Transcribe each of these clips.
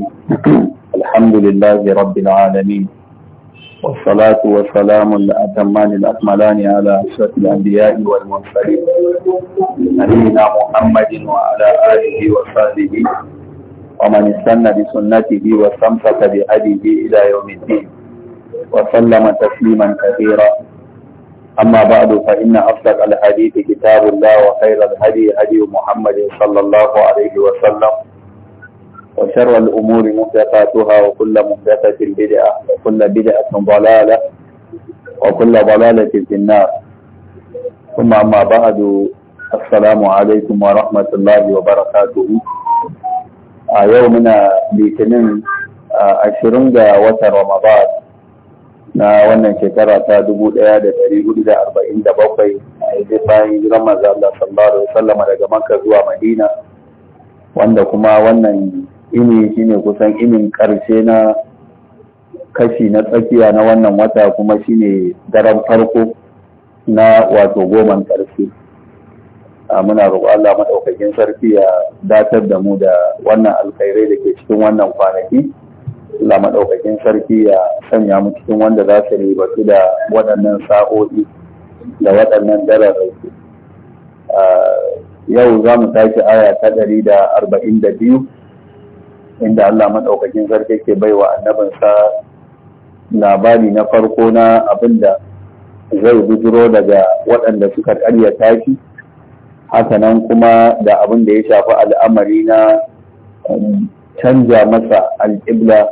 الرحيم الحمد لله رب العالمين والصلاة والسلام الأتمان الأكملان على أشرف الأنبياء والمرسلين نبينا محمد وعلى آله وصحبه ومن استنى بسنته واستمسك بهديه إلى يوم الدين وسلم تسليما كثيرا أما بعد فإن أصدق الحديث كتاب الله وخير الهدي هدي محمد صلى الله عليه وسلم وشر الأمور محدثاتها وكل محدثة بدعة وكل بدعة ضلالة وكل ضلالة في النار ثم أما بعد السلام عليكم ورحمة الله وبركاته يومنا litinin ashirin ga watan Ramadan na wannan shekara ta dubu ɗaya da ɗari hudu da arba'in da bakwai a yanzu bayan hijiran manzo Allah sallallahu daga maka zuwa Madina wanda kuma wannan ini shine kusan inin karshe na kashi na tsakiya na wannan wata kuma shine daren farko na wato goman ƙarshe ah, muna roƙo Allah maɗaukakin sarki ya datar da mu da wannan alkhairai da ke cikin wannan kwanaki Allah maɗaukakin sarki ya sanya mu cikin wanda za su su da waɗannan sa'o'i da waɗannan dararraki ah, yau za mu tashi aya ta ɗari da arba'in da biyu inda Allah maɗaukakin sarki ke baiwa annabinsa labari na farko na abin da zai bujiro daga waɗanda suka karya tashi hakanan kuma da abin da ya shafi al'amari na um, canja masa alƙibla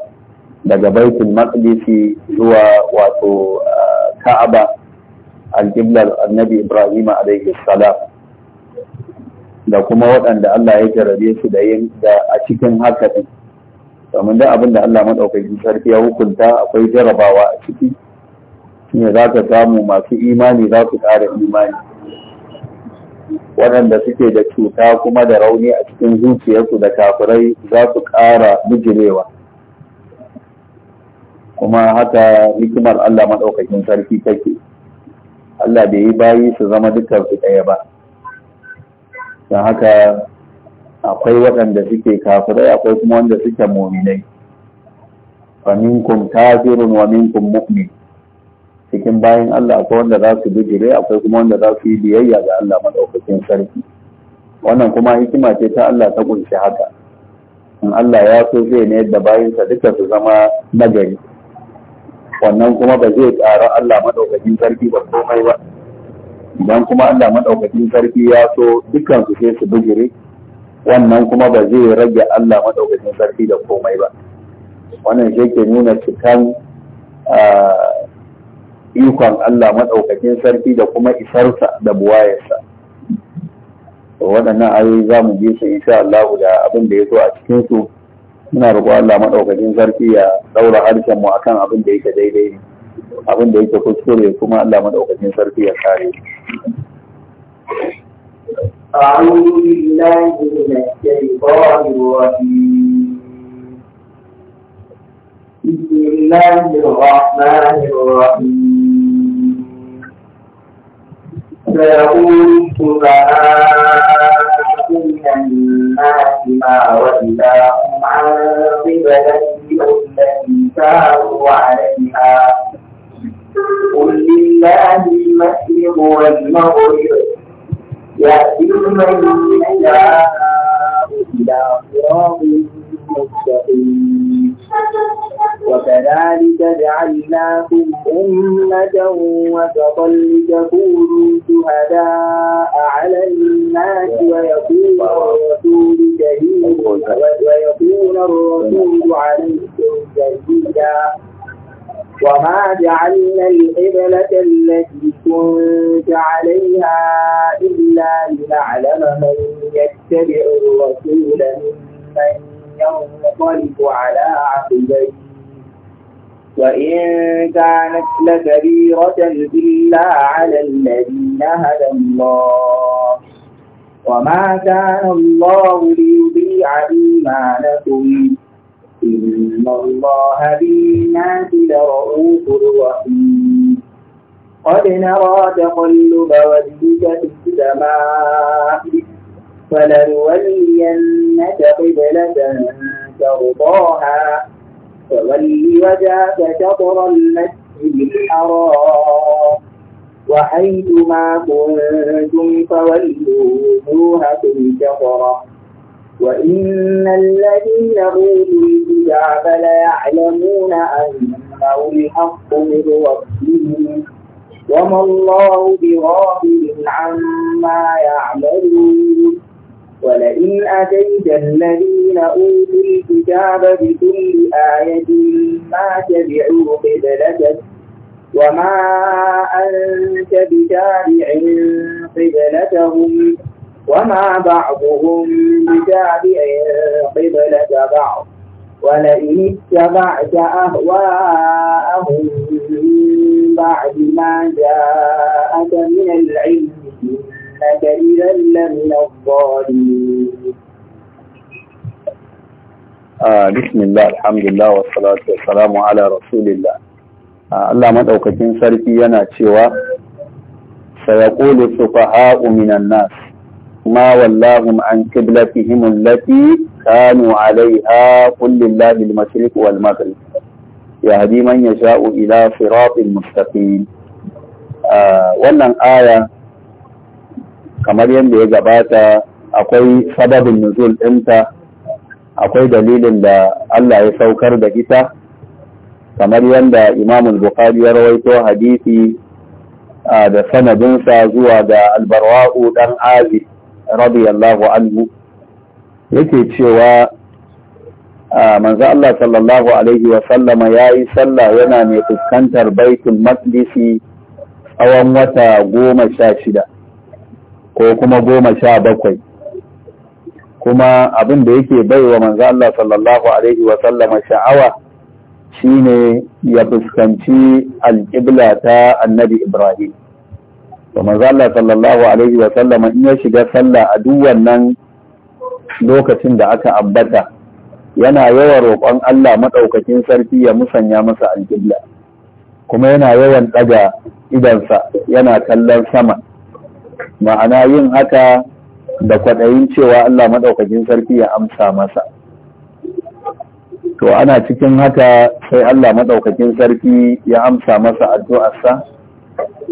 daga baitul maqdisi zuwa wato uh, ka'aba alƙiblar annabi ibrahim alaihi salam da kuma waɗanda Allah ya jarabe su da yin da a cikin haka din domin da abin da Allah maɗaukakin sarki ya hukunta akwai jarabawa a ciki ne za ka samu masu imani za su ƙara imani waɗanda suke da cuta kuma da rauni a cikin zuciyarsu da kafirai za su ƙara mijirewa kuma haka hikimar Allah maɗaukakin sarki take Allah bai yi bayi su zama dukkan su ɗaya ba don haka akwai waɗanda suke kafirai akwai kuma wanda suke mominai wa minkum kafirun wa minkum mu'min cikin bayan Allah akwai wanda za su bijire akwai kuma wanda za su yi biyayya ga Allah madaukakin sarki wannan kuma hikima ce ta Allah ta kunshi haka in Allah ya so zai ne da bayansa duka su zama nagari wannan kuma ba zai tsara Allah madaukakin sarki ba komai ba idan kuma Allah madaukakin sarki ya so dukkan su sai su bijire wannan kuma ba zai rage Allah madaukakin sarki da komai ba wannan shi ke nuna cikan ikon Allah madaukakin sarki da kuma isarsa da buwayarsa waɗannan ayoyi za mu je su insha Allah da abin da ya zo a cikin su muna roƙo Allah madaukakin sarki ya daura harshen mu akan abin da yake daidai ne abin da yake kuskure kuma Allah madaukakin sarki ya kare أعوذ بالله من الشيطان الرجيم بسم الله الرحمن الرحيم سيقول السفهاء من الناس ما ولاهم عن قبلتهم التي كانوا عليها قل لله المشرق والمغرب وكذلك جعلناكم أمة وسطا لتكونوا شهداء على الناس ويكون الرسول شهيدا ويكون الرسول عليكم شهيدا وما جعلنا القبلة التي كنت عليها إلا لنعلم من يتبع الرسول ممن ينقلب على عقبيه وإن كانت لكبيرة إلا على الذين هدى الله وما كان الله ليضيع إيمانكم إن الله بالناس لرؤوف رحيم قد نرى تقلب وجهك في السماء فلنولينك قبلة ترضاها فول وجهك شطر المسجد الحرام وحيثما كنتم فولوا وجوهكم شطره وإن الذين أوتوا الكتاب ليعلمون أنه الحق من ربهم وما الله بغافل عما يعملون ولئن أتيت الذين أوتوا الكتاب بكل آية ما تبعوا قبلتك وما أنت بتابع قبلتهم وما بعضهم بتابع قبلة بعض ولئن اتبعت أهواءهم من بعد ما جاءك من العلم إنك إذا لمن الظالمين آه بسم الله الحمد لله والصلاة والسلام على رسول الله آه الله مدعوك تنسرك ينا سوى سيقول السفهاء من الناس ما ولاهم عن قبلتهم التي كانوا عليها قل لله المشرق والمغرب يهدي من يشاء إلى صراط مستقيم wannan aya kamar yadda ya gabata akwai sababin nuzul ɗinta akwai dalilin da Allah ya saukar da ita kamar yadda imamul bukhari ya rawaito hadisi ah, da sanadinsa zuwa ga albarwa'u ɗan azi radiyallahu anhu yake cewa manzo Allah sallallahu alaihi wa sallama yayi sallah yana mai fuskantar baitul maqdisi tsawon wata goma sha shida ko kuma goma sha bakwai kuma abin da yake baiwa manzo Allah sallallahu alaihi wa sallama sha'awa shine ya fuskanci alƙibla ta annabi Ibrahim to maza Allah sallallahu alaihi wa sallama in ya shiga sallah a duk wannan lokacin da aka ambata yana yawan roƙon Allah madaukakin sarki ya musanya masa alƙibla kuma yana yawan daga idansa yana kallon sama ma'ana yin haka da kwaɗayin cewa Allah madaukakin sarki ya amsa masa to ana cikin haka sai Allah maɗaukakin sarki ya amsa masa addu'arsa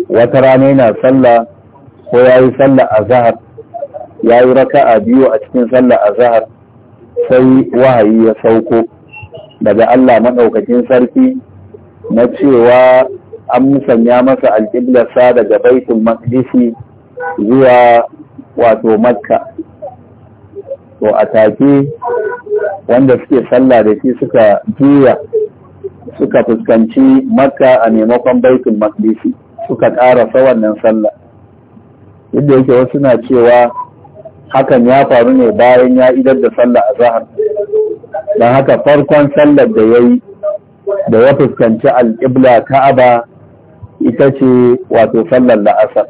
wata rana yana sallah ko ya yi sallah a zahar ya yi raka a biyu a cikin sallah a zahar sai wahayi ya sauko daga Allah maɗaukakin sarki na cewa an musanya masa alƙiblarsa daga baitul maqdisi zuwa wato makka to a take wanda suke sallah da shi suka juya suka fuskanci makka a maimakon baitul maqdisi suka ƙarasa wannan sallah yadda yake wasu na cewa hakan ya faru ne bayan ya idar da sallah a zahar don haka farkon sallar da ya yi da ya fuskanci al'ibla ka'aba ita ce wato sallar la'asar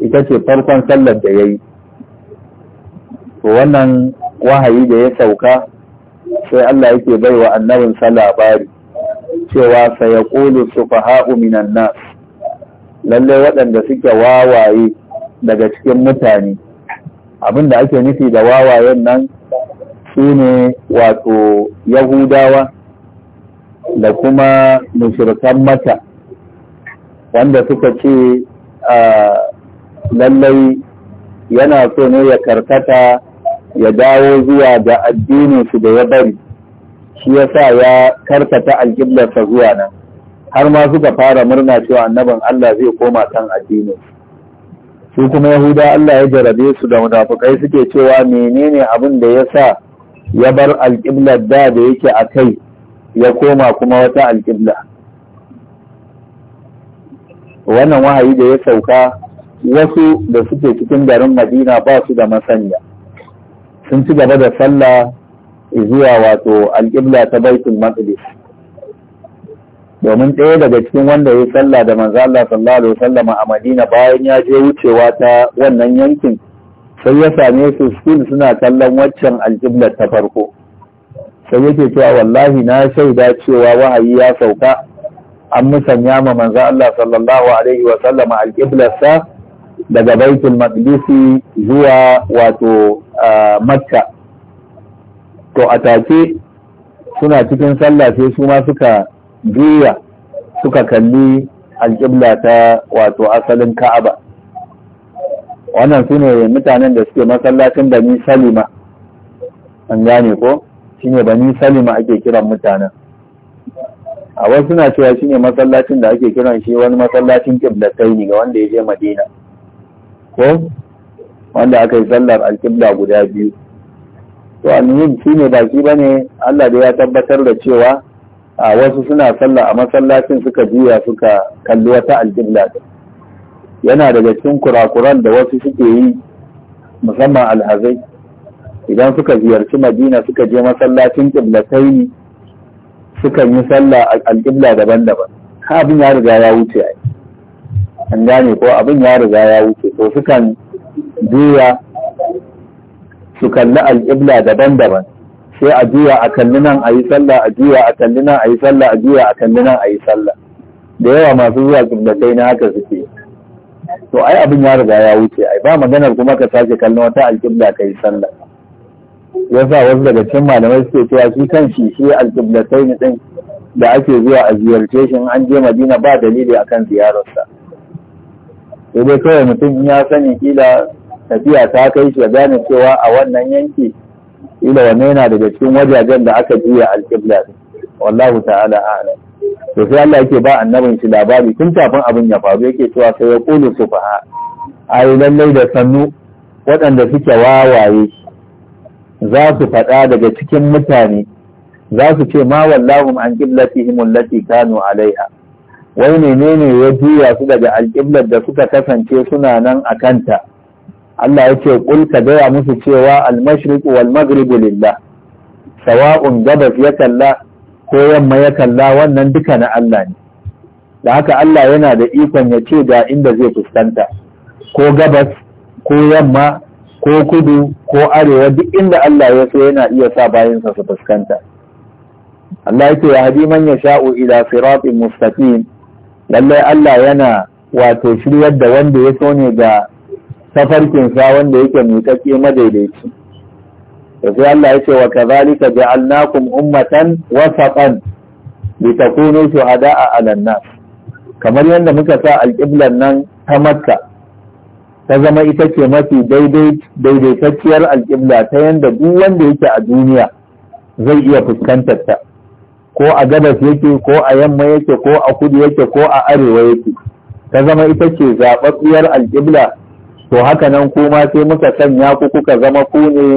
ita ce farkon sallar da ya yi wannan wahayi da ya sauka sai Allah yake bai wa annarinsa labari cewa sayaqulu sufaha'u minan nas lallai waɗanda suke wawaye daga cikin mutane Abin da ake nufi da wawayen nan su ne wato yahudawa da kuma mashirkan mata wanda suka ce a lallai yana so ne ya karkata ya dawo zuwa da addininsu da ya bari shi ya sa ya karkata alƙiblarsa zuwa nan har ma suka fara murna cewa annaban Allah zai koma kan addinin su kuma yahuda Allah ya jarabe su da munafukai suke cewa menene abin da ya sa ya bar alƙiblar da da yake a kai ya koma kuma wata alƙibla wannan wahayi da ya sauka wasu da suke cikin garin madina ba su da masanya. sun ci gaba da sallah zuwa wato alƙibla ta baitul maqdis domin ɗaya daga cikin wanda ya sallah da manzo Allah sallallahu alaihi wasallam a Madina bayan ya je wucewa ta wannan yankin sai ya same su still suna kallon waccan alƙiblar ta farko sai yake cewa wallahi na shaida cewa wahayi ya sauka an musanya ma manzo Allah sallallahu alaihi wasallam alƙibla sa daga baitul maqdis zuwa wato ah, makka to a take suna cikin sallah sai su ma suka juya suka kalli alƙibla ta wato asalin ka'aba wannan su ne mutanen da suke masallacin bani salima an gane ko shi ne bani salima ake kiran mutanen a wasu suna cewa shi ne masallacin da ake kiran shi wani masallacin ƙiblatai ne ga wanda ya je madina ko wanda aka yi sallar alƙibla guda biyu to almuhim shi ne baki ba ne Allah da ya tabbatar da cewa a wasu suna sallah a masallacin suka jiya suka kalli wata alƙibla yana daga cikin kurakuran da wasu suke yi musamman alhazai idan suka ziyarci madina suka je masallacin kiblatai sukan yi sallah alƙibla daban-daban abin ya riga ya wuce an gane ko abin ya riga ya wuce to sukan juya su kalli al'ibla daban-daban sai a juya a kalli nan a yi sallah a juya a kalli nan a yi sallah a juya a kalli nan a yi sallah da yawa masu zuwa kimbatai na haka suke to ai abin ya riga ya wuce ai ba maganar kuma ka sake kallon wata alƙibla ka yi sallah yasa wasu daga cikin malamai suke cewa shi kan shi shi alƙiblatai ne din da ake zuwa a ziyarce shi an je madina ba dalili akan ziyararsa sai dai kawai mutum in ya sani kila tafiya ta kai shi ya gane cewa a wannan yanki ila wanne yana daga cikin wajajen da aka juya alƙibla wallahu ta'ala a'lam to sai Allah yake ba annabin shi labari tun kafin abin ya faru yake cewa sai ya kulu sufaha ai lallai da sannu waɗanda suke wawaye za su faɗa daga cikin mutane za su ce ma wallahum an qiblatihim allati kanu alaiha wai menene ya juya su daga alƙiblar da suka kasance suna nan a kanta Allah ya ce kul ka gaya musu cewa al-mashriq wal maghrib lillah sawa'un gabas ya kalla ko yamma ya kalla wannan duka na Allah ne da haka Allah yana da ikon ya ce ga inda zai fuskanta ko gabas ko yamma ko kudu ko arewa duk inda Allah ya so yana iya sa bayansa su fuskanta Allah ya ce ya hadi man ya sha'u ila siratin mustaqim lallai Allah yana wato shiryar da wanda ya so ne ga sa wanda yake miƙaƙe madaidaici da sai Allah ya ce wa kazalika ja'alnakum ummatan wasaqan litakunu shuhada'a 'alan nas kamar yadda muka sa alƙiblan nan ta Makka ta zama ita ce mafi daidai daidaitacciyar alƙibla ta yadda duk wanda yake a duniya zai iya fuskantar ta ko a gabas yake ko a yamma yake ko a kudu yake ko a arewa yake ta zama ita ce zaɓaɓɓiyar alƙibla to haka nan kuma sai muka sanya ku kuka zama ku ne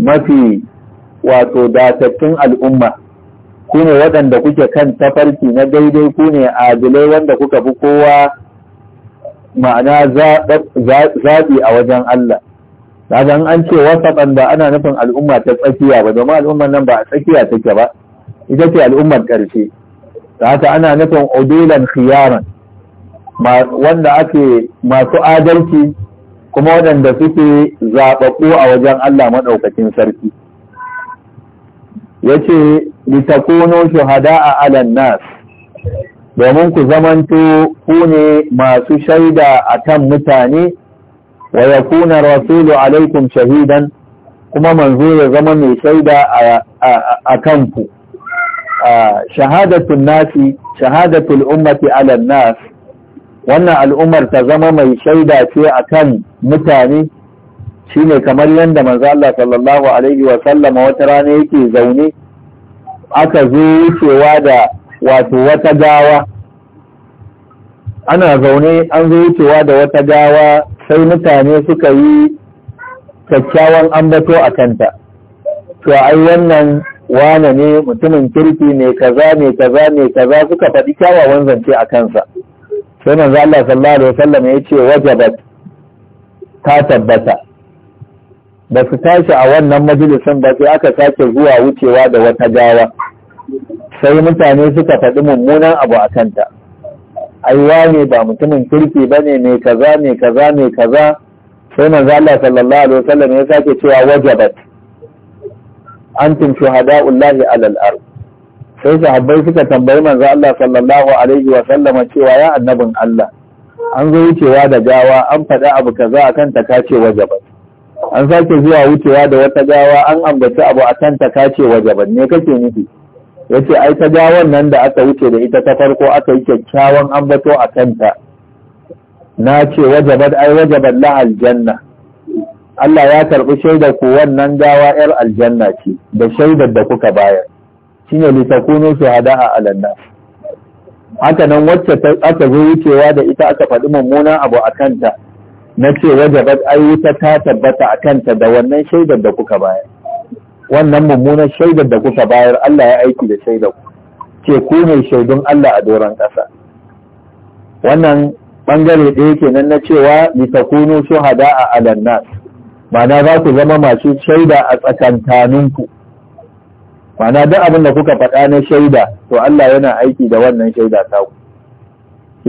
mafi wato datattun al'umma ku ne waɗanda kuke kan tafarki na daidai ku ne adilai wanda kuka fi kowa ma'ana zaɓi a wajen Allah daga an ce wasaɓan ba ana nufin al'umma ta tsakiya ba domin al'ummar nan ba a tsakiya take ba ita ce al'ummar ƙarshe haka ana nufin odilan khiyaran wanda ake masu adalci kuma waɗanda suke zaɓaɓɓu a wajen Allah maɗaukacin sarki Ya ce, litakuno litakunu a 'alan nas domin ku zamanto ku ne masu shaida a kan mutane wa ya yakuna rasulu alaikum shahidan kuma manzo ya zama mai shaida a kanku shahadatun nasi shahadatul ummati 'alan nas wannan al'ummar ta zama mai shaida ce akan mutane ne kamar yadda manzo Allah sallallahu alaihi wa sallama wata rana yake zaune aka zo wucewa da wato wata gawa ana zaune an zo wucewa da wata gawa sai mutane suka yi kyakkyawan ambato a kanta to ai wannan wane ne mutumin kirki ne kaza ne kaza ne kaza suka faɗi kyawawan zance a kansa sai manzo Allah sallallahu alaihi wasallam ya ce wajabat ta tabbata ba su tashi a wannan majalisin ba sai aka sake zuwa wucewa da wata gawa sai mutane suka faɗi mummunan abu a kanta aiwa ne ba mutumin kirki ba ne mai kaza mai kaza mai kaza sai manzo Allah sallallahu alaihi wasallam ya sake cewa wajabat antum shuhada'ullahi alal ard sai sahabbai suka tambayi manzo Allah sallallahu alaihi wa sallama cewa ya annabin Allah an zo wucewa da gawa an faɗi abu kaza akan ta kace wajaban an sake zuwa wucewa da wata gawa an ambaci abu akan ta kace wajaban ne kake nufi yace ai ta gawan nan da aka wuce da ita ta farko aka yi kyakkyawan ambato a kanta na ce wajabat ai wajabat la aljanna Allah ya karɓi shaidar ku wannan gawa 'yar aljanna ce da shaidar da kuka bayar shine li takunu shuhada'a 'ala nas haka nan wacce aka zo wucewa da ita aka faɗi mummunan abu a kanta na ce wajabat ayyuka ta tabbata a kanta da wannan shaidar da kuka bayar wannan mummunan shaidar da kuka bayar Allah ya aiki da shaidar ku ce ku ne shaidun Allah a doron ƙasa wannan bangare ɗaya kenan na cewa litakunu shuhada a alannas ma'ana za ku zama masu shaida a tsakantaninku ma'ana duk abin da kuka faɗa na shaida to Allah yana aiki da wannan shaida ta ku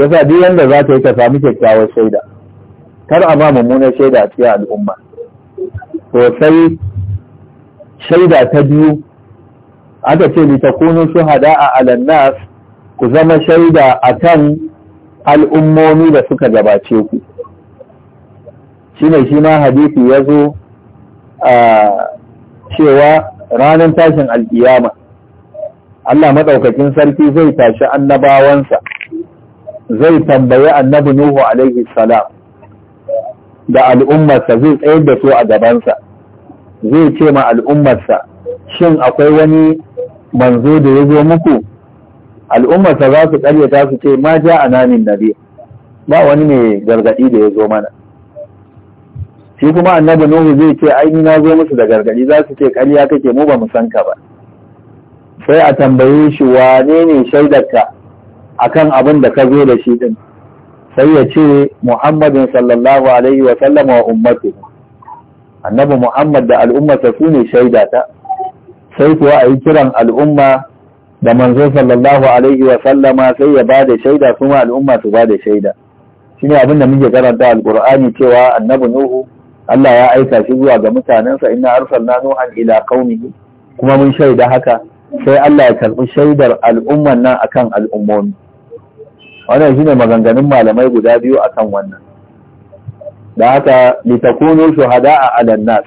yasa duk yanda za ta yi ta sami kyakkyawar shaida kar a ba mummunar shaida a cikin al'umma to sai shaida ta biyu aka ce li su hada a alannas ku zama shaida a kan al'ummomi da suka gabace ku Shi ne shi ma hadisi zo a cewa ranar tashin alƙiyama Allah maɗaukakin sarki zai tashi annabawansa zai tambayi annabi Nuhu alaihi salam da al'ummarsa zai tsayar da su a gabansa zai ce ma al'ummarsa shin akwai wani manzo da ya zo muku al'ummarsa za su ƙaryata su ce ma ja a namin nabi ba wani mai gargaɗi da ya zo mana shi kuma annabi nuhu zai ce ai na zo musu da gargadi za su ce ƙarya kake mu ba mu san ka ba sai a tambaye shi wane ne shaidarka akan abin da ka zo da shi din sai ya ce muhammadin sallallahu alaihi wa sallama wa ummatu annabi muhammad da al'ummarsa su ne shaidata sai kuwa a yi kiran al'umma da manzo sallallahu alaihi wa sallama sai ya ba da shaida kuma al'umma su ba da shaida shine abin da muke karanta alqur'ani cewa annabi nuhu Allah ya aika shi zuwa ga mutanensa inna arsalna nuhan ila qaumihi kuma mun shaida haka sai Allah ya karbi shaidar al'umman nan akan al'ummomi wannan shine maganganun malamai guda biyu akan wannan da haka litakunu shuhada'a a nas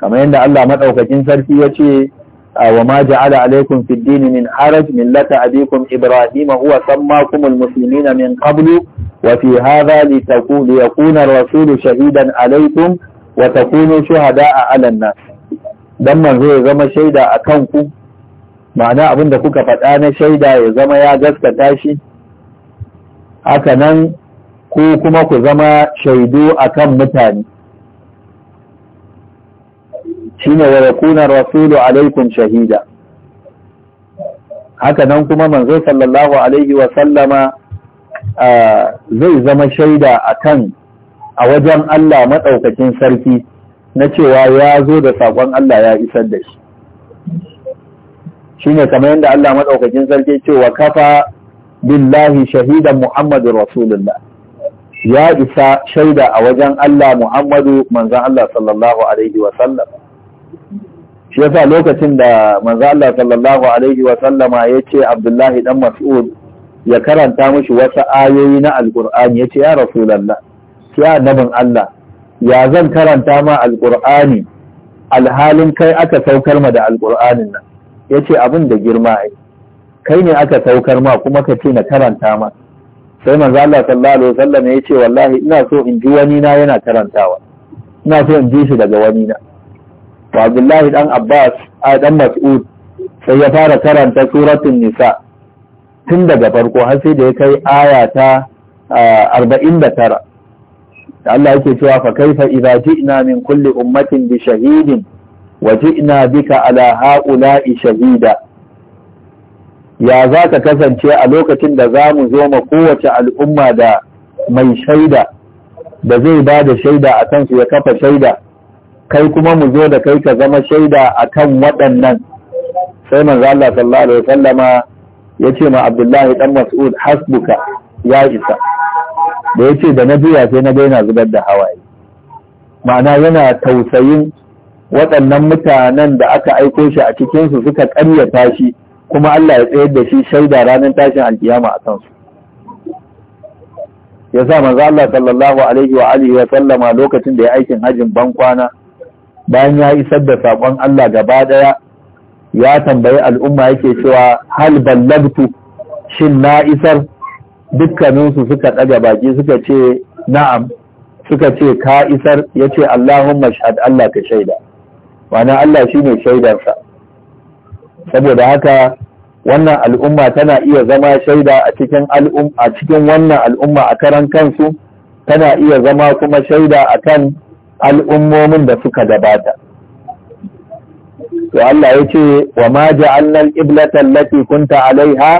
kamar yadda Allah madaukakin sarki yace wa ma ja'ala alaikum fid dini min haraj millata abikum ibrahima huwa sammakum almuslimina min qablu wa fi hadha litakunu yakuna shahidan alaikum wa takunu shuhada'a 'ala an-nas dan manzo zama shaida akan ku ma'ana abin da kuka faɗa na shaida ya zama ya gaskata shi haka nan ku kuma ku zama shaidu akan mutane shine wa yakuna rasulu alaikum shahida haka nan kuma manzo sallallahu alaihi wa sallama zai zama shaida akan a wajen Allah madaukakin sarki na cewa ya zo da sakon Allah ya isar da shi shine kamar yadda Allah madaukakin sarki cewa kafa billahi shahidan muhammadur rasulullah ya isa shaida a wajen Allah Muhammadu manzon Allah sallallahu alaihi wa sallam shi yasa lokacin da manzo sallallahu alaihi wa sallama yace Abdullahi dan Mas'ud ya karanta mashi wasu ayoyi na Ya yace ya Rasulullah ya annabin Allah ya zan karanta ma Alkur'ani? alhalin kai aka saukar ma da Alkur'anin nan yace abin da girma ai kai ne aka saukar ma kuma ka ce na karanta ma sai manzo Allah sallallahu alaihi ya ce wallahi ina so in ji wani na yana karantawa ina so in ji shi daga wani na abdullahi dan abbas a dan mas'ud sai ya fara karanta suratun nisa tun daga farko har sai da ya kai aya ta 49 da Allah yake cewa fa kaifa idza ji'na min kulli ummatin bi shahidin wa ji'na bika ala ha'ula'i shahida ya za ka kasance a lokacin da za mu zo ma kowace al'umma da mai shaida da zai ba da shaida a kansu ya kafa shaida kai kuma mu zo da kai ka zama shaida a kan waɗannan sai manzo Allah sallallahu alaihi wasallama ya ce ma Abdullahi dan Mas'ud hasbuka ya isa da ya ce da na biya sai na daina zubar da hawaye ma'ana yana tausayin waɗannan mutanen da aka aiko shi a cikinsu suka ƙaryata shi kuma Allah ya tsayar da shi shaida ranar tashin alkiyama a kansu ya sa manzo Allah sallallahu alaihi wa alihi wa sallama lokacin da ya aikin hajjin ban kwana bayan ya isar da saƙon Allah gaba ɗaya, ya tambayi al'umma yake cewa hal ballabtu shin na isar dukkaninsu suka ɗaga baki suka ce na'am suka ce ka isar ya ce Allahumma shahad Allah ka shaida wani Allah shi ne shaidarsa saboda haka wannan al'umma tana iya zama shaida a cikin a cikin wannan al'umma a karan kansu tana iya zama kuma shaida a kan al'ummomin da suka gabata to Allah ya ce wa ma ja'alna al-qiblata allati kunta alaiha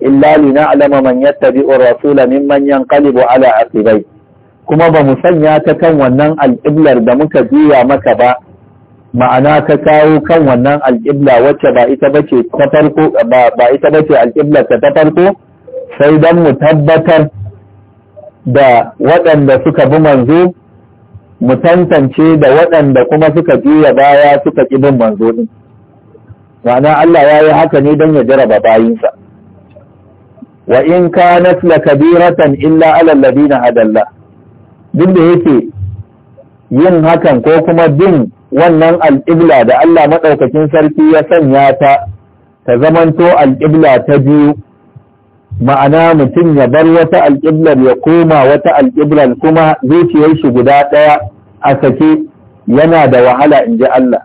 illa lina'lama man yattabi'ur rasula mimman yanqalibu ala aqibai kuma ba mu sanya ta kan wannan al'iblar da muka juya maka ba ma'ana ta kawo kan wannan al'ibla wacce ba ita bace ta farko ba ita bace ta farko sai dan mu tabbatar da waɗanda suka bi manzo mu tantance da waɗanda kuma suka juya baya suka ƙi bin manzo din ma'ana Allah ya yi haka ne don ya jaraba bayinsa wa in kanat kabiratan illa ala alladhina hadalla duk da yake yin hakan ko kuma bin wannan al'ibla da Allah maɗaukakin sarki ya sanya ta ta zamanto al'ibla ta biyu ma'ana mutum ya bar wata alƙiblar ya koma wata alƙiblar kuma zuciyar shi guda ɗaya a sake yana da wahala in ji Allah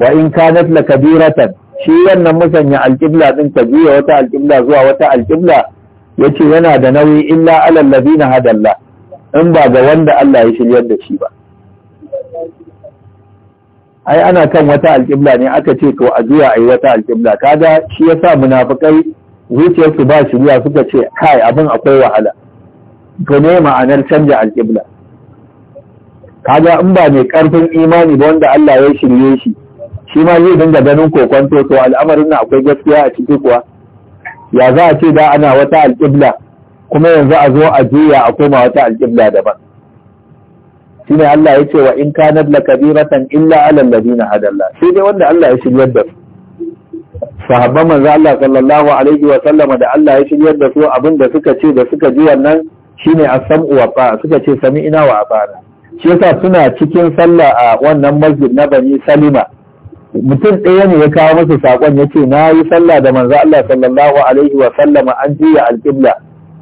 wa in kanat la kabiratan shi wannan musanya alƙibla din ta juya wata alƙibla zuwa wata alƙibla yace yana da nauyi illa alal ladina hadalla in ba ga wanda Allah ya shiryar da shi ba ai ana kan wata alƙibla ne aka ce to a juya ai wata alƙibla kaga shi yasa munafikai zuciyarsu ba shirya suka ce kai abin akwai wahala to ne ma'anar canja alƙibla kaga in ba mai ƙarfin imani ba wanda Allah ya shirye shi shi ma zai dinga ganin kokonto to al'amarin na akwai gaskiya a ciki kuwa ya za a ce da ana wata alƙibla kuma yanzu a zo a juya a koma wata alƙibla daban shine Allah ya ce wa in kanat lakabiratan illa alal ladina hadalla sai dai wanda Allah ya shiryar da su sahabban manzo Allah sallallahu alaihi wa sallama da Allah ya shiryar da su abin da suka ce da suka ji wannan shine as-sam'u wa ta'a suka ce sami'na wa ata'na shi yasa suna cikin sallah a wannan masjid na Bani Salima mutum ɗaya ne ya kawo musu saƙon, ya ce na yi sallah da manzo Allah sallallahu alaihi wa sallama an juya al-qibla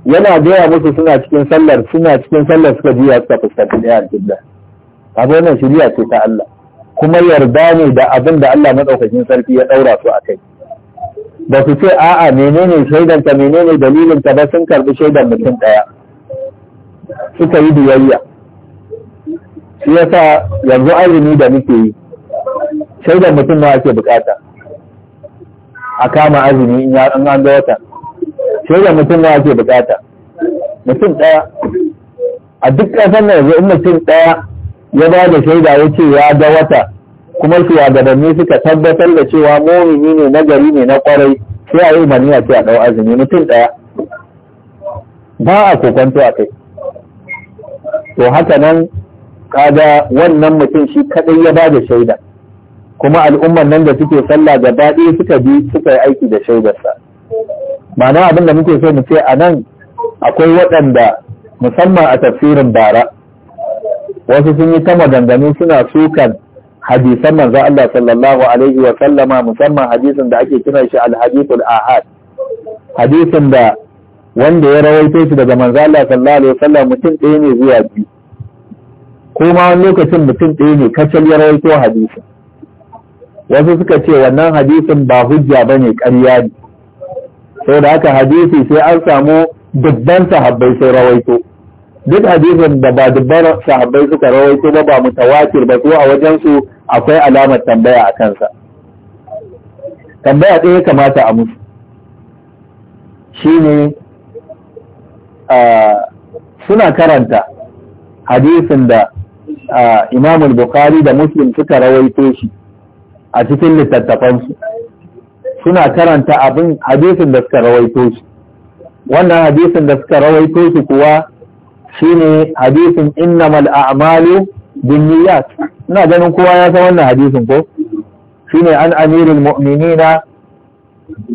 yana gaya musu suna cikin sallar suna cikin sallar suka juya suka fuskanci ɗaya al-qibla abu wannan shiriya ce ta Allah kuma yarda ne da abin da Allah madaukakin sarki ya ɗaura su a kai ba su ce a'a menene shaidan ka menene dalilin ka ba sun karbi shaidan mutum daya suka yi biyayya shi yasa yanzu azumi da muke yi shaidan mutum ma ake bukata a kama azumi in ya an an wata shaidan mutum ma ake bukata mutum daya a duk kasar na yanzu in mutum daya ya ba da shaida ya ce ya ga wata kuma shugabanni suka tabbatar da cewa mumini ne na gari ne na kwarai sai a yi umarni a ce a ɗau azumi mutum ɗaya ba a kokonto a kai to haka nan kada wannan mutum shi kaɗai ya ba da shaida kuma al'ummar nan da suke sallah gaba ɗaya suka bi suka yi aiki da shaidarsa ma'ana abin da muke so mu ce a nan akwai waɗanda musamman a tafsirin bara wasu sun yi ta maganganu suna sukan hadisan manzo Allah sallallahu alaihi wa sallama musamman hadisin da ake kira shi al-hadithul ahad hadisin da wanda ya rawaito shi daga manzo Allah sallallahu alaihi wa sallam mutum ɗaya ne zuwa biyu ko ma wani lokacin mutum ɗaya ne kacal ya rawaito hadisin wasu suka ce wannan hadisin ba hujja bane ƙarya ne saboda haka hadisi sai an samu dubban sahabbai sai rawaito duk hadisin da ba dubban sahabbai suka rawaito ba ba mutawatir ba ko a wajen su akwai alamar tambaya a kansa tambaya ɗaya kamata a musu shine suna karanta hadisin da Imam Bukhari da Muslim suka rawaito shi a cikin littattafansu suna karanta abin hadisin da suka rawaito shi wannan hadisin da suka rawaito shi kuwa shine hadisin innamal a'malu binniyat ina ganin kowa ya san wannan hadisin ko shine an amirul mu'minina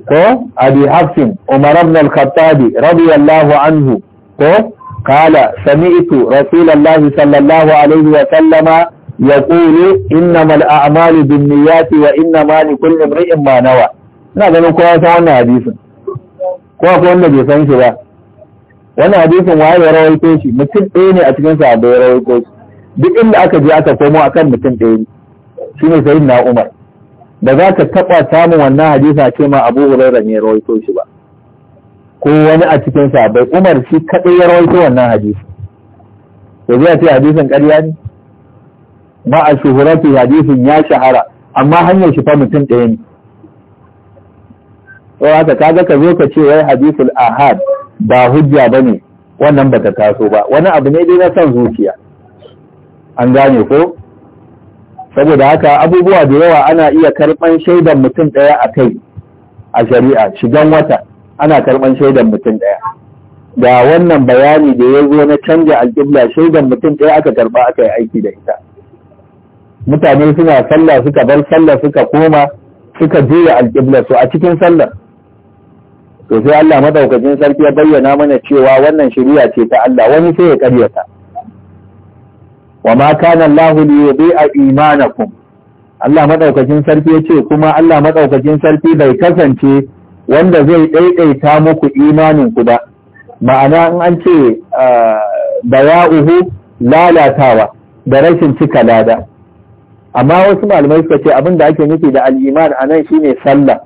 ko abi hafsin umar ibn al-khattab radiyallahu anhu ko قال سمعت رسول الله صلى الله عليه وسلم يقول إنما الأعمال بالنيات وإنما لكل امرئ ما نوى ina ganin kowa san wannan hadisin kowa ko wanda bai san shi ba wannan hadisin waye ya rawaito shi mutum ɗaya ne a cikin sahabbai ya rawaito shi duk inda aka je aka komo akan mutum ɗaya ne shine sayyid na umar da za ka taɓa samun wannan hadisa ce ma abu huraira ne ya rawaito shi ba ko wani a cikin sahabbai umar shi kaɗai ya rawaito wannan hadisi to zai ce hadisin ƙarya ne ma a shuhurati hadisin ya shahara amma hanyar shi fa mutum ɗaya ne to haka kaga ka zo ka ce wai hadisul ahad ba hujja ba ne wannan ba ta taso ba wani abu ne dai na son zuciya an gane ko saboda haka abubuwa da yawa ana iya karɓan shaidan mutum ɗaya a kai a shari'a shigan wata ana karɓar shaidan mutum ɗaya ga wannan bayani da ya zo na canja alƙibla shaidan mutum ɗaya aka karɓa aka yi aiki da ita mutane suna sallah suka bar sallah suka koma suka juya alƙibla su a cikin sallah to sai Allah madaukakin sarki ya bayyana mana cewa wannan shari'a ce ta Allah wani sai ya karyata wa ma kana Allah li yudi'a imanakum Allah madaukakin sarki ya ce kuma Allah madaukakin sarki bai kasance wanda zai daidaita muku imanin ku ba ma'ana in an ce baya'uhu lalatawa da rashin cika lada amma wasu malamai suka ce abin da ake nufi da al'iman a nan shine sallah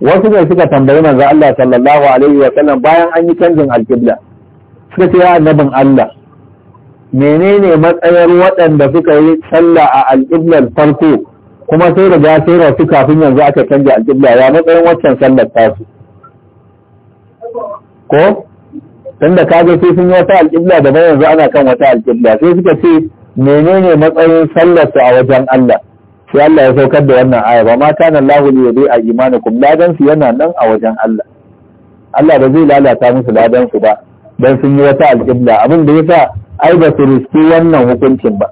wasu ne suka tambayi manzo Allah sallallahu alaihi wa sallam bayan an yi canjin alƙibla suka ce ya annabin Allah menene matsayar waɗanda suka yi sallah a alƙiblar farko kuma sai da sai rasu kafin yanzu aka canja alƙibla ya matsayin waccan sallar tasu ko tunda ka ga sai sun yi wata alƙibla da yanzu ana kan wata alƙibla sai suka ce menene matsayin sallar su a wajen Allah sai Allah ya saukar da wannan aya ba ma kana ya li a imanakum ladan su yana nan a wajen Allah Allah ba zai lalata musu ladan ba dan sun yi wata alƙibla abin da yasa ai ba su riski wannan hukuncin ba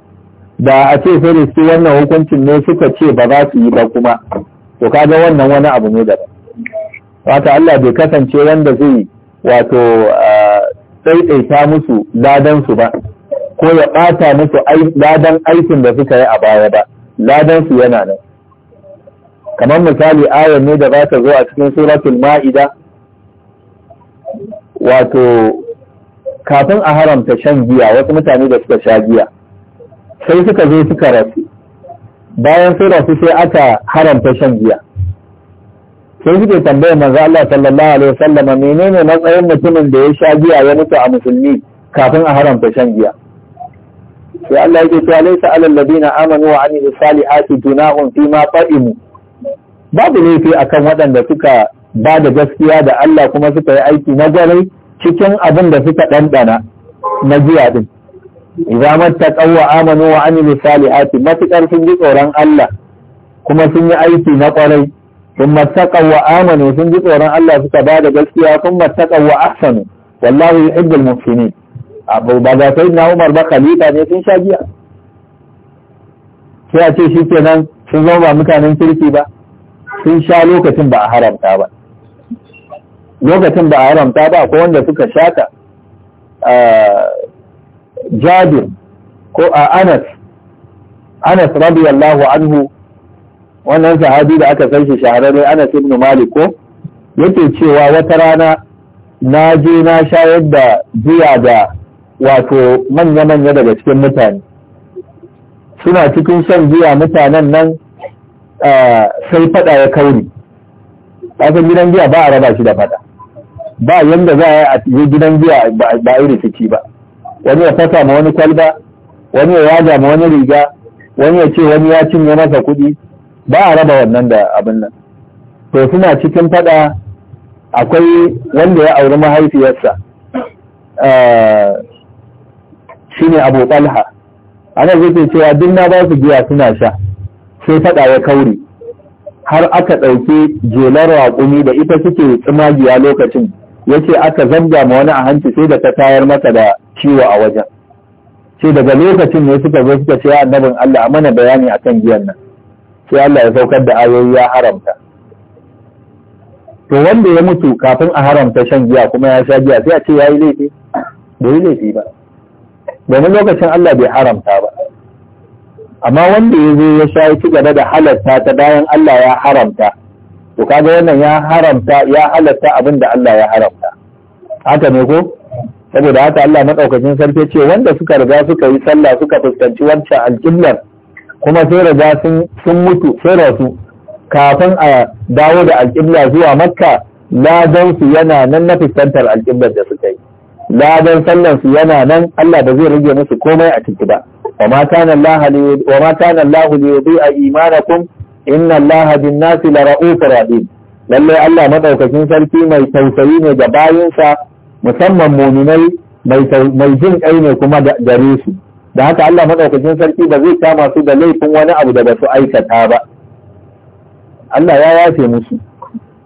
da a ce su riski wannan hukuncin ne suka ce ba za su yi ba kuma to ga wannan wani abu ne ba. wato Allah bai kasance wanda zai wato tsaitsaita musu ladan ba ko ya ɓata musu ladan aikin da suka yi a baya ba Ladansu yana nan kamar misali ayar ne da za ta zo a cikin suratul ma'ida wato kafin a haramta shan giya wasu mutane da suka sha giya sai suka zo suka rasu bayan sun rasu sai aka haramta shan giya sai suke tambayar manzo Allah sallallahu alaihi wasallam menene matsayin mutumin da ya sha giya ya mutu a musulmi kafin a haramta shan giya Sai Allah yake cewa laysa alal ladina amanu wa amilu salihati junahun fi ma fa'imu babu laifi akan waɗanda suka ba da gaskiya da Allah kuma suka yi aiki na gare cikin abin da suka ɗanɗana na jiya din idza mattaqaw wa amanu wa amilu salihati matukar sun ji tsoron Allah kuma sun yi aiki na kwarai sun mattaqaw wa amanu sun ji tsoron Allah suka ba da gaskiya sun mattaqaw wa ahsanu wallahu yuhibbul muhsinin abu ba ta yi na umar ba khalifa ne sun sha giya sai a ce shi ke nan sun zama ba mutanen kirki ba sun sha lokacin ba a haramta ba lokacin ba a haramta ba ko wanda suka sha shaka jabir ko a anas anas radiyallahu anhu wannan sahabi da aka kai shi shahararren anas ibn malik ko yake cewa wata rana na je na shayar da jiya da wato manya-manya daga cikin mutane suna cikin son zuwa mutanen nan sai fada ya kauri kasan gidan giya ba a raba shi da fada ba yadda za a yi gidan giya ba iri rikici ba wani ya fasa ma wani kwalba wani ya yaja ma wani riga wani ya ce wani ya cinye masa kuɗi ba a raba wannan da abin nan to suna cikin fada akwai wanda ya auri mahaifiyarsa shine Abu Talha ana zai cewa duk na ba su giya suna sha sai faɗa ya kauri har aka ɗauki jelar raƙumi da ita suke tsumagiya lokacin ya ce aka zanga ma wani a hanci sai da ta tayar masa da ciwo a wajen sai daga lokacin ne suka zo suka ce annabin Allah mana bayani akan giyan nan sai Allah ya saukar da ayoyi ya haramta to wanda ya mutu kafin a haramta shan giya kuma ya sha giya sai a ce ya yi laifi bai laifi ba domin lokacin Allah bai haramta ba amma wanda ya zo ya sha ci gaba da halatta ta bayan Allah ya haramta to kaga wannan ya haramta ya halatta abin da Allah ya haramta haka ne ko saboda haka Allah madaukakin sarki ce wanda suka riga suka yi sallah suka fuskanci wancan alƙiblar kuma sai riga sun sun mutu sai rasu kafin a dawo da alƙibla zuwa makka ladan su yana nan na fuskantar alƙiblar da suka yi ladan sallan su yana nan Allah ba zai rage musu komai a ciki ba wa ma kana Allah li wa ma imanakum inna Allah bin nasi la ra'ufur rahim lalle Allah madaukakin sarki mai tausayi ne ga bayinsa musamman muminai mai jin kai ne kuma gare su da haka Allah madaukakin sarki ba zai kama su da laifin wani abu da ba su aikata ba Allah ya yafe musu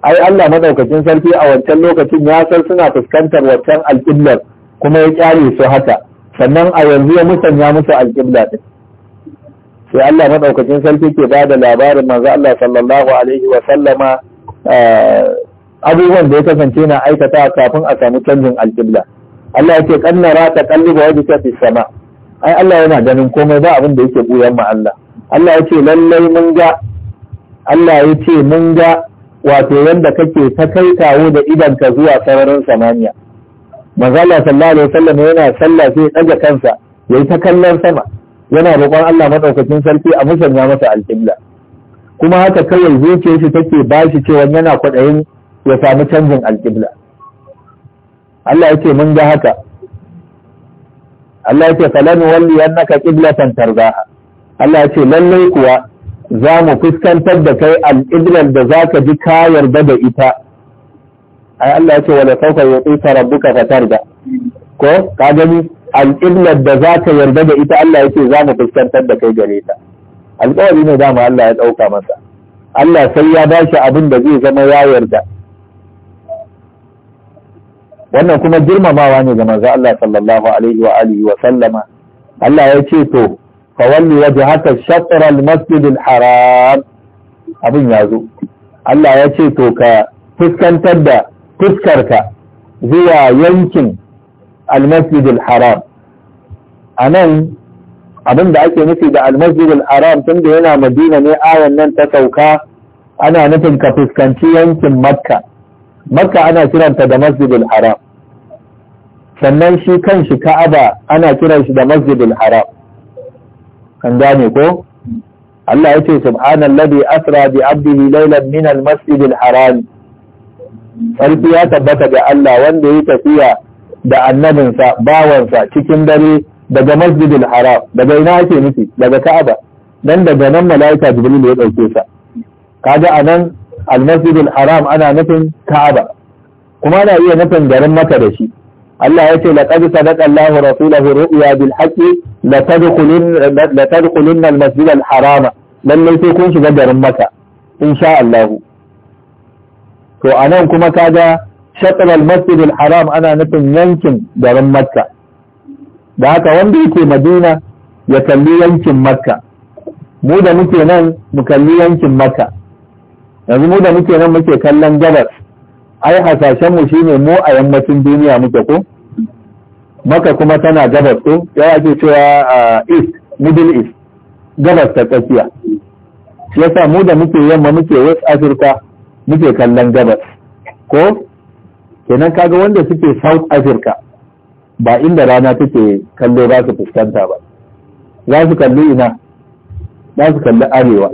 ai Allah madaukakin sarki a wancan lokacin ya san suna fuskantar wancan alƙiblar kuma ya kyale su haka sannan a yanzu ya musanya musu alƙibla din sai Allah madaukakin sarki ke ba da labarin manzo Allah sallallahu alaihi wa sallama eh, abubuwan da ya kasance na aikata kafin a samu canjin alƙibla Allah yake kannara ta kalliba wajhika fi sama ai Allah yana ganin komai ba abin da yake buyan ma Allah Allah yake lallai mun ga Allah yake mun ga wato yadda kake ta kai kawo da ka zuwa sararin samaniya manzo Allah sallallahu alaihi wasallam yana sallah sai daga kansa yayi ta kallon sama yana roƙon Allah madaukakin sarki a musanya masa alƙibla kuma haka kawai zuciyar shi take bashi cewa yana kwaɗayin ya samu canjin alƙibla Allah yake mun ga haka Allah yake falan walli annaka qiblatan tarzaha Allah yake lallai kuwa za mu fuskantar da kai al'iblar da za ka ji ka yarda da ita ai Allah ya ce wala sauka ya tsisa rabbuka fatar da ko ka gani al'iblar da za ka yarda da ita Allah ya ce za mu fuskantar da kai gare ta alƙawari ne dama Allah ya ɗauka masa Allah sai ya ba shi abin da zai zama ya yarda wannan kuma girmamawa ne ga manzo Allah sallallahu alaihi wa alihi wa sallama Allah ya ce to fawalli waje haka al-masjid haram abin yazo Allah ya ce to ka fuskantar da fuskarka zuwa yankin al haram. A nan, anan abin da ake nufi da al haram tunda yana Madina ne ayan nan ta sauka ana nufin ka fuskanci yankin Makka Makka ana kiranta da masjid haram sannan shi kan shi Ka'aba ana kiran shi da masjid haram an gane ko Allah ya ce subhanallazi asra bi abdihi laylan min al-masjid al-haram sarki ya tabbata ga Allah wanda ya tafiya da annabinsa bawansa cikin dare daga masjidil haram daga ina ake nufi daga ka'aba nan daga nan mala'ika jibril ya dauke sa kaga anan al-masjidil haram ana nufin ka'aba kuma ana iya nufin garin maka da shi Allah ya ce laqad sadaqa Allahu Rasuluhu, ru'ya bil haqqi la tadkhulun la tadkhulun al masjid lallai sai kun shiga garin Makka insha Allah to anan kuma kaga shatar al masjid al haram ana nufin yankin garin Makka da haka wanda yake Madina ya kalli yankin Makka mu da muke nan mu kalli yankin Makka yanzu mu da muke nan muke kallon gabas ai hasashen mu shine mu a yammacin duniya muke ko maka kuma tana gabas ko ya ake cewa east middle east gabas ta tsakiya Ya yasa mu da muke yamma muke west africa muke kallon gabas ko kenan kaga wanda suke south africa ba inda rana take kallo za su fuskanta ba za su kalli ina za su kalli arewa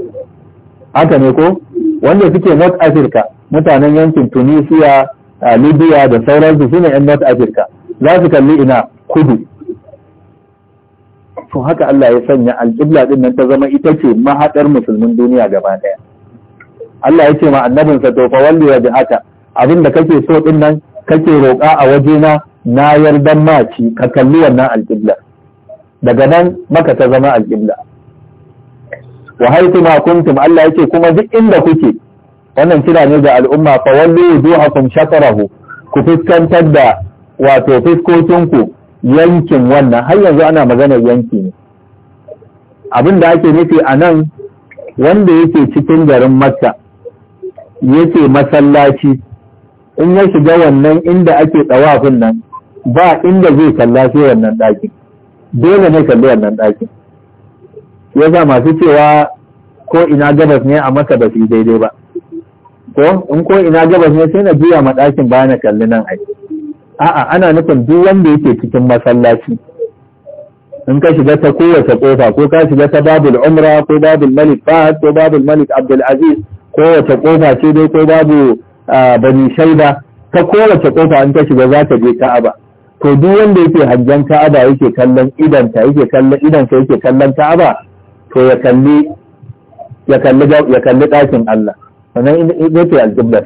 haka ne ko wanda suke north africa mutanen yankin tunisia libya da sauransu su ne yan north africa za su kalli ina kudu to haka Allah ya sanya alƙibla din nan ta zama ita ce mahaɗar musulmin duniya gaba ɗaya Allah ya ce ma annabinsa to fa walli wa haka abin da kake so din nan kake roƙa a wajena na yardan maci ka kalli wannan alƙibla daga nan maka ta zama alƙibla wa haitu ma kuntum Allah ce kuma duk inda kuke wannan kira ne ga al'umma fa wallu wujuhakum shatarahu ku fuskantar da wato fuskokinku yankin wannan har yanzu ana maganar yanki ne abin da ake nufi a nan wanda yake cikin garin makka yake masallaci in ya shiga wannan inda ake tsawafin nan ba inda zai kalla sai wannan ɗakin dole ne kalli wannan ɗakin ya masu cewa ko ina gabas ne a maka da su daidai ba ko in ko ina gabas ne sai na juya ma ɗakin baya na kalli nan ai a'a ana nufin duk wanda yake cikin masallaci in ka shiga ta kowace kofa ko ka shiga ta babul umra ko babul malik fahad ko babul malik abdul aziz ko wace kofa ce dai ko babu bani shaida ta kowace kofa in ka shiga za ta je ka'aba to duk wanda yake hajjan ka'aba yake kallon idan ta yake kallon idan ka yake kallon ka'aba to ya kalli ya kalli ya kalli dakin Allah wannan ita ce sa,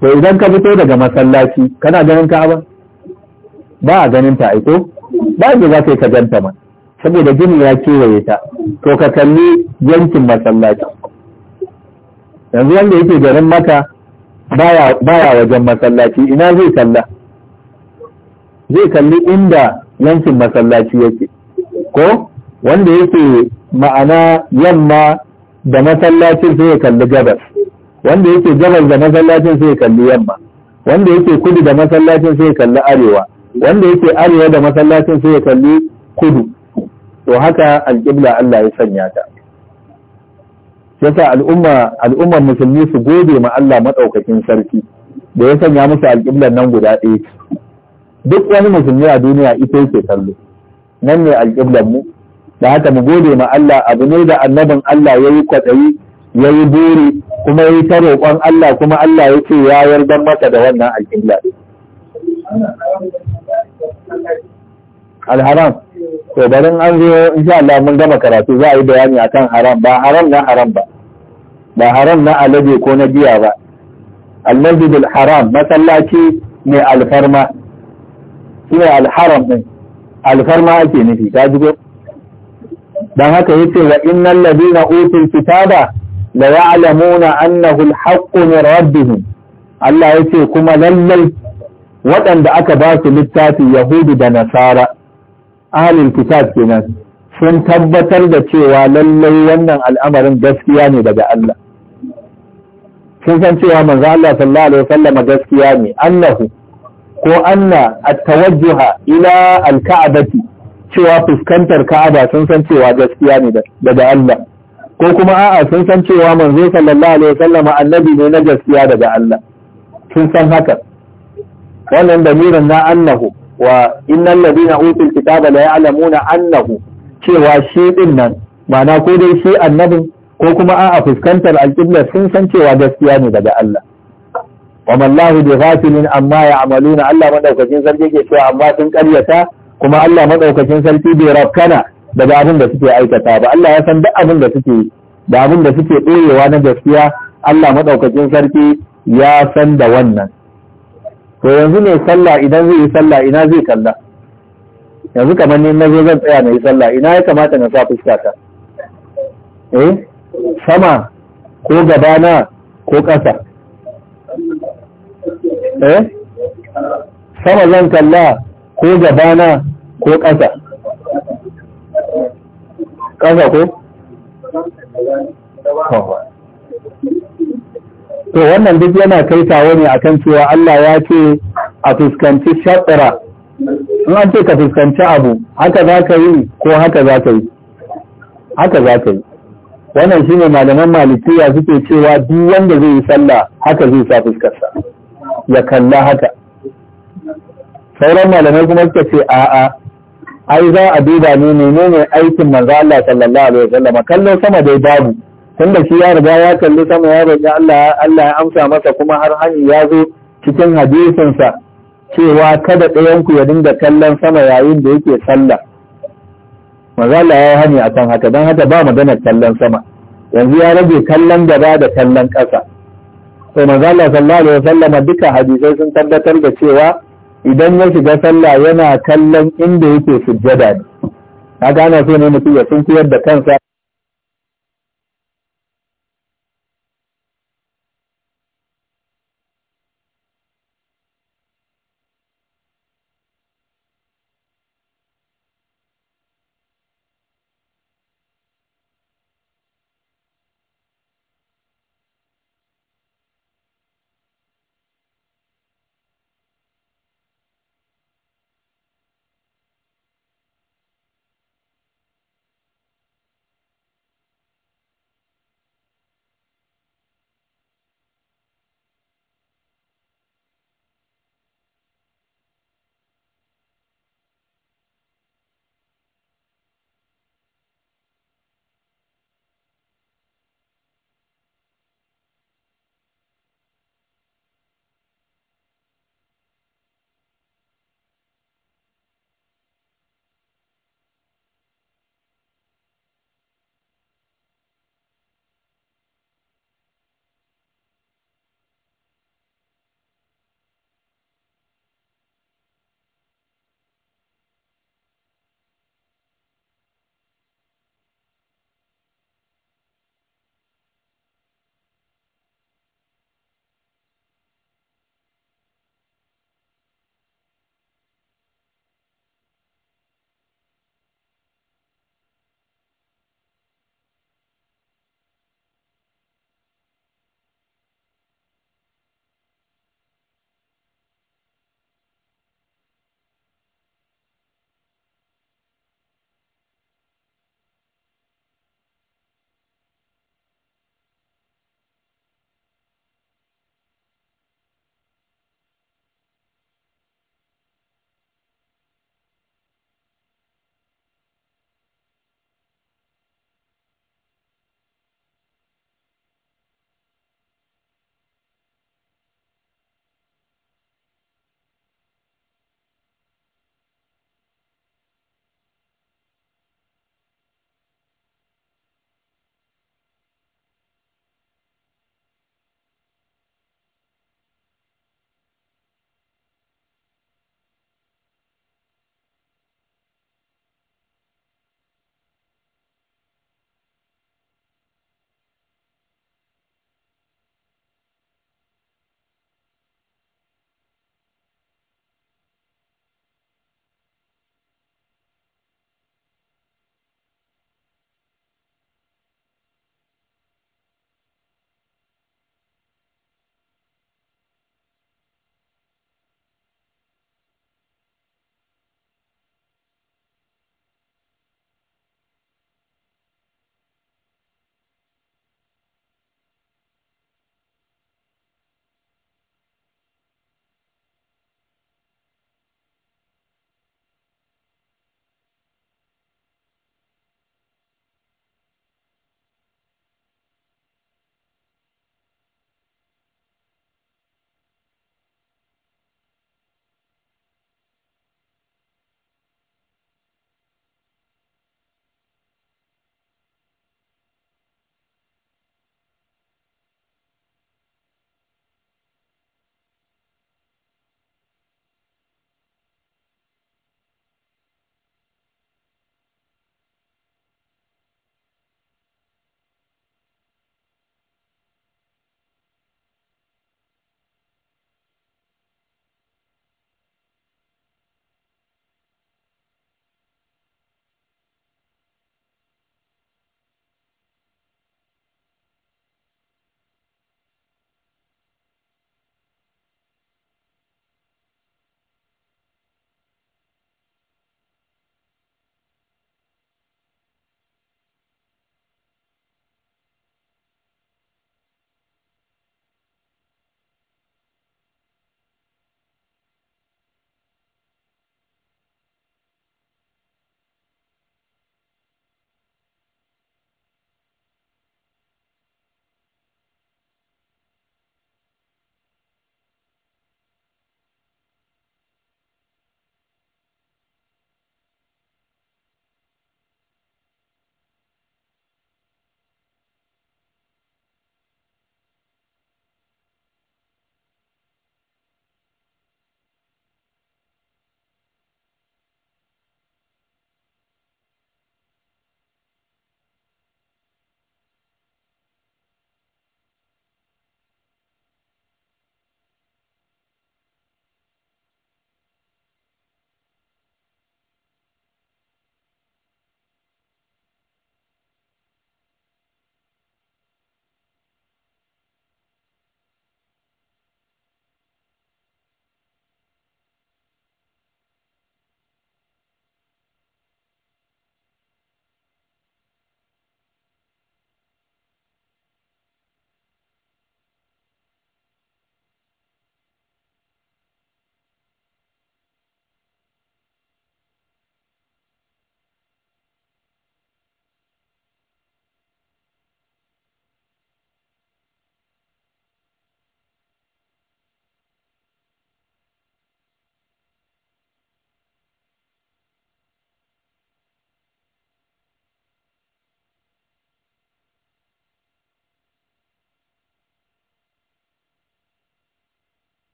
to idan ka fito daga masallaci kana ganin ka ba a ganin ta aiko ba ji za ka yi ka ganta ma saboda gini ya kewaye ta to ka kalli yankin masallaci yanzu wanda yake garin maka baya wajen masallaci ina zai kalla zai kalli inda yankin masallaci yake ko wanda yake ma'ana yamma da masallacin sai ya kalli gabas wanda yake gabas da masallacin sai ya kalli yamma wanda yake kudu da masallacin sai ya kalli arewa wanda yake arewa da masallacin sai ya kalli kudu to haka alƙibla Allah ya sanya ta yasa al'umma al'ummar musulmi su gode ma Allah madaukakin sarki da ya sanya musu alƙiblar nan guda ɗaya duk wani musulmi a duniya ita yake kallo nan ne alƙiblar mu da haka mu gode ma Allah abu ne da annabin Allah ya yi kwaɗayi ya yi buri kuma ya yi ta roƙon Allah kuma Allah ya ce ya yarda maka da wannan alƙibla alharam to barin an zo insha Allah mun gama karatu za a yi bayani akan haram ba haram na haram ba ba haram na alade ko na giya ba almasjidul haram masallaci ne alfarma ne alharam din alfarma ake nufi ta jigo dan haka yace wa innan ladina utul kitaba la ya'lamuna annahu al-haqqu min rabbihim Allah yace kuma lallai waɗanda aka ba su littafi Yahudu da Nasara ahlul kitab kenan sun tabbatar da cewa lallai wannan al'amarin gaskiya ne daga Allah sun san cewa manzo Allah sallallahu alaihi wasallam gaskiya ne annahu ko anna at-tawajjuha ila al-ka'bati cewa fuskantar ka'aba sun san cewa gaskiya ne daga Allah ko kuma a'a sun san cewa manzo sallallahu alaihi wasallama annabi ne na gaskiya daga Allah sun san haka wannan damirin na annahu wa innal ladina utul kitaba la ya'lamuna annahu cewa shi din nan ma'ana ko dai shi annabin ko kuma a'a fuskantar alƙibla sun san cewa gaskiya ne daga Allah wa mallahu bi ghafilin amma ya'maluna Allah madaukakin sarki ke cewa amma sun karyata. kuma Allah madaukakin sarki bai rafkana daga abin da suke aikata ba Allah ya san duk abin da suke da abin da suke ɗorewa na gaskiya Allah madaukakin sarki ya san da wannan to yanzu ne sallah idan zai yi sallah ina zai kalla yanzu kamar ni na zo zan tsaya na yi sallah ina ya kamata na sa fuska ta eh sama ko gabana ko ƙasa eh sama zan kalla ko gabana ko ƙasa ƙasa ko? to wannan duk yana kai tawo ne a kan cewa Allah ya ce a fuskanci shaɗara in an ce ka fuskanci abu haka za ka yi ko haka za ka yi haka za ka yi wannan shine malaman malikiya suke cewa duk wanda zai yi sallah haka zai sa fuskarsa ya kalla haka sauran malamai kuma suka ce a'a ai za a duba ne menene aikin manzo Allah sallallahu alaihi wasallam kallon sama dai babu tunda shi ya riga ya kalli sama ya roƙi Allah Allah ya amsa masa kuma har hani ya zo cikin sa cewa kada ɗayanku ya dinga kallon sama yayin da yake sallah manzo Allah ya hani akan haka dan haka ba magana kallon sama yanzu ya rage kallon gaba da kallon ƙasa to manzo Allah sallallahu alaihi wasallam duka hadisai sun tabbatar da cewa idan ya shiga sallah yana kallon inda yake sujjada ne gane so ne mutum ya sunkuyar da kansa